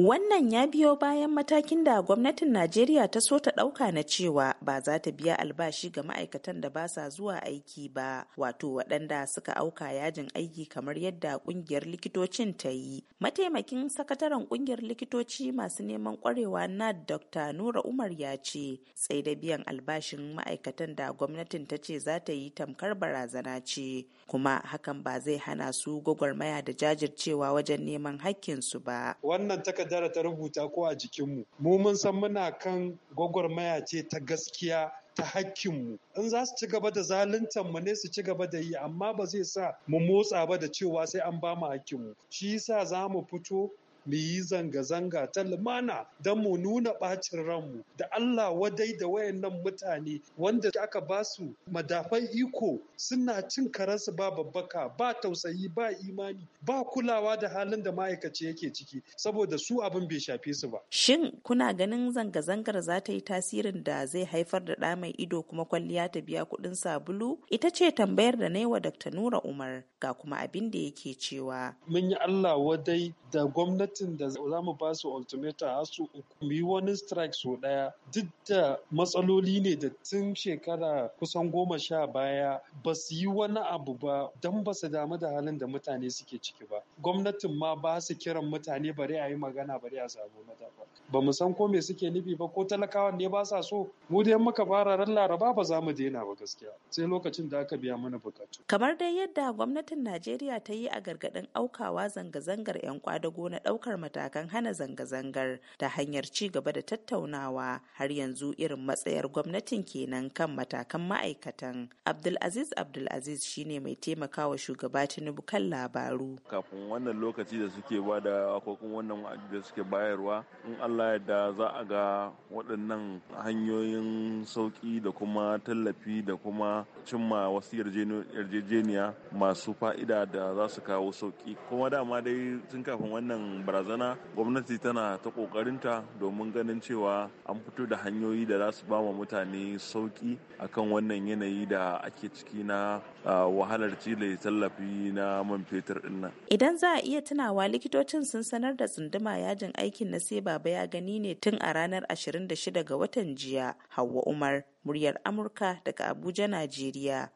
Wannan ya biyo bayan matakin da gwamnatin Najeriya ta so ta ɗauka na cewa ba za ta biya albashi ga ma'aikatan da ba sa zuwa aiki ba, wato waɗanda suka auka yajin aiki kamar yadda ƙungiyar likitocin ta yi. Mataimakin sakataren ƙungiyar likitoci masu neman ƙwarewa na Dr. Nura Umar ya ce, sai da biyan albashin ma'aikatan da gwamnatin ta ce za ta yi tamkar barazana ce, kuma hakan ba zai hana su gwagwarmaya da jajircewa wajen neman hakkinsu ba. Wannan kaddara ta rubuta ko a jikinmu mu mun san muna kan gwagwarmaya ce ta gaskiya ta hakkinmu in za su ci gaba da zaluntar mu ne su ci gaba da yi amma ba zai sa mu motsa ba da cewa sai an ba mu hakkinmu shi yasa za mu fito mu yi zanga-zanga ta lumana don mu nuna ɓacin ranmu da Allah wadai da wayannan mutane wanda aka ba su madafan iko suna cin karansu ba babbaka ba tausayi ba imani ba kulawa da halin da ma'aikaci yake ciki saboda su abin bai shafe su ba. Shin kuna ganin zanga-zangar za ta yi tasirin da zai haifar da ɗa mai ido kuma kwalliya ta biya kuɗin sabulu? Ita ce tambayar da na yi wa Dr. Nura Umar ga kuma abin da yake cewa. Mun yi Allah wadai da gwamnati gwamnatin da za mu ba su ultimatum har su uku mu yi wani strike so daya duk da matsaloli ne da tun shekara kusan goma sha baya ba su yi wani abu ba don ba su damu da halin da mutane suke ciki ba gwamnatin ma ba su kiran mutane bari a yi magana bari a samu matafa ba mu san ko me suke nufi ba ko talakawan ne ba sa so mu yan muka fara ran laraba ba za mu daina ba gaskiya sai lokacin da aka biya mana bukatu kamar dai yadda gwamnatin najeriya ta yi a gargadin aukawa zanga-zangar 'yan kwadago na daukar matakan hana zanga-zangar ta hanyar ci gaba da tattaunawa har yanzu irin matsayar gwamnatin kenan kan matakan ma'aikatan abdulaziz abdulaziz shine mai taimakawa shugaba tinubu kan labaru kafin wannan lokaci da suke bada ko kuma wannan da suke bayarwa in Allah yadda za a ga waɗannan hanyoyin sauƙi da kuma tallafi da kuma cimma wasu yarjejeniya masu fa'ida da za su kawo sauƙi kuma dama dai tun kafin wannan barazana gwamnati tana ta ƙoƙarinta domin ganin cewa an fito da hanyoyi da za su ba wa mutane sauƙi akan wannan yanayi da ake ciki na ah, wahalar cile tallafi na man fetur ɗin Idan za a iya tunawa likitocin sun sanar da tsunduma yajin aikin na sai baba ya gani ne tun a ranar 26 ga watan jiya. Hauwa Umar, muryar Amurka daga Abuja, Najeriya.